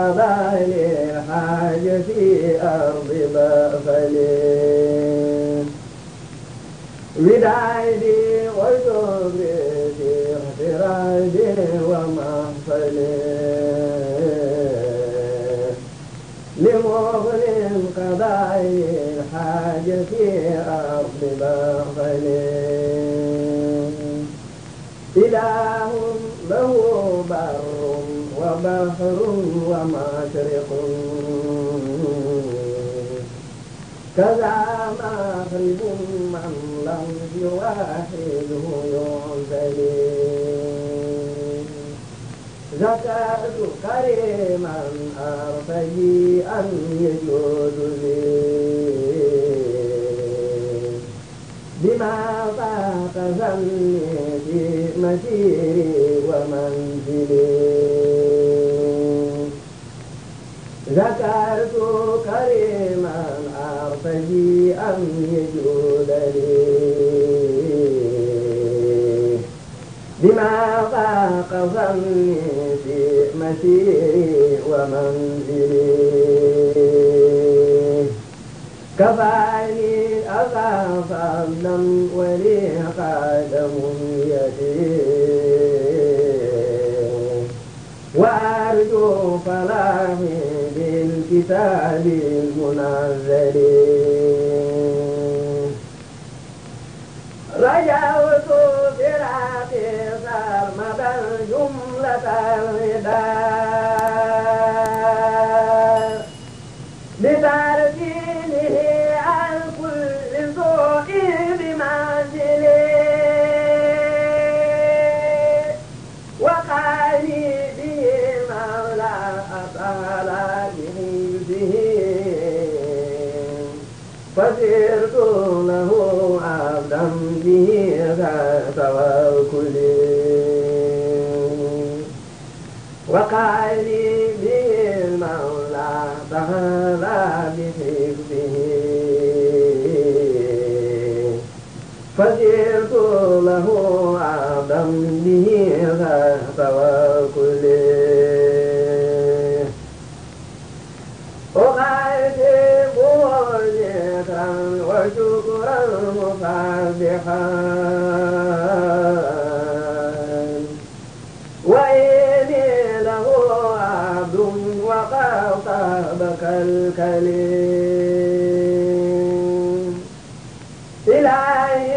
قبال الحاج في أرض بغل ودادي وجوبي في اغترادي ومحفلي لمغنم قضاء الحاجة في أرض بغل إله له بر وبحر ومشرق كذا مغرب من لم يواحده يعزلي ذكرت كريما أرفي أن يجود لي بما ضاق ظني في مسيري ومنزلي ذكرت كريما أرتجي أن يجود لي بما ضاق ظني في مسيري ومنزلي كفاني أغى فضلا ولي قدم يدي وأرجو فلاحي الكتاب المنزل رجعت فراقي سرمدا جملة الوداد به فوكل وقال لي به المولى تعالى بحفظه وشكرا مصبحان وإني له عبد وقاطبك الكليم إلهي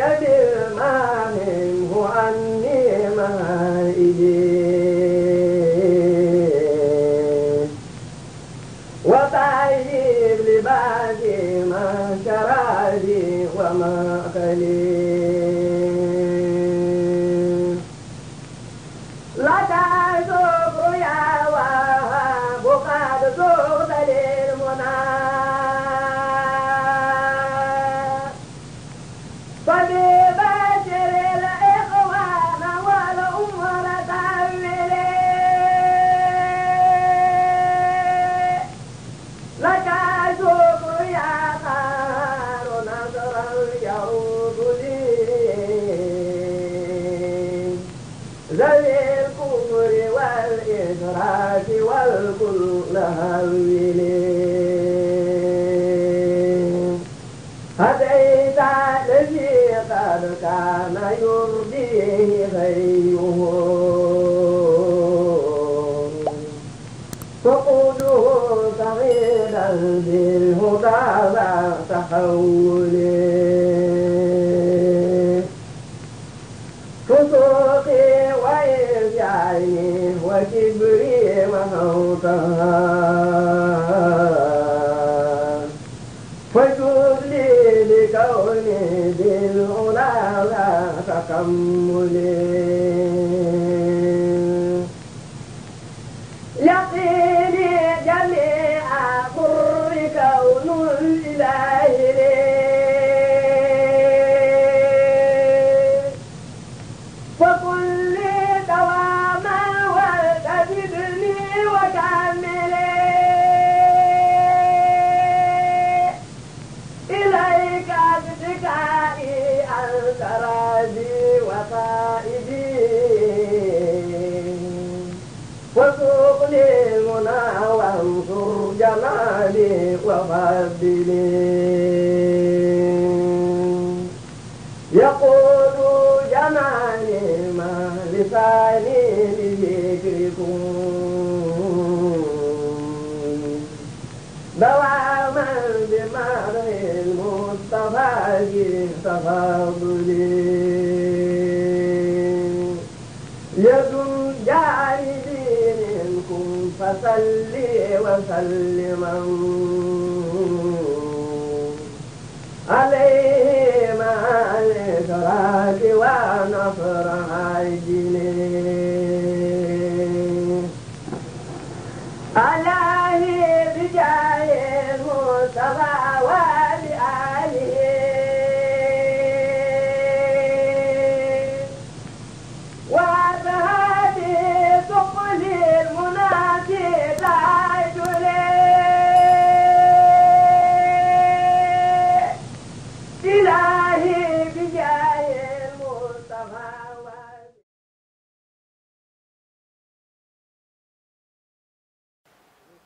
يدر ما منه عني مائدي وطعيي عبادي ما كرادي وما خليل لك شكر يا وهاب قد زرت والإشراك والكل هولي هديت الذي قد كان يرضيه غيره فقوده صغيرا بالهدى وتحوله فسوقي جعلني وكبري وموتا فجد لي لكوني بالعلا لا تكملي بك بشكائي أنت راجي وقائدي وسوق لي المنى وانصر جمالي وفضلي يقول جمالي ما لساني لذكركم دواما بمعنى الموت صفاجي صفابني يد جاهدين منكم فصلي وسلم عليه مع الإشراك ونصر عجله عليه بجاه المصطفى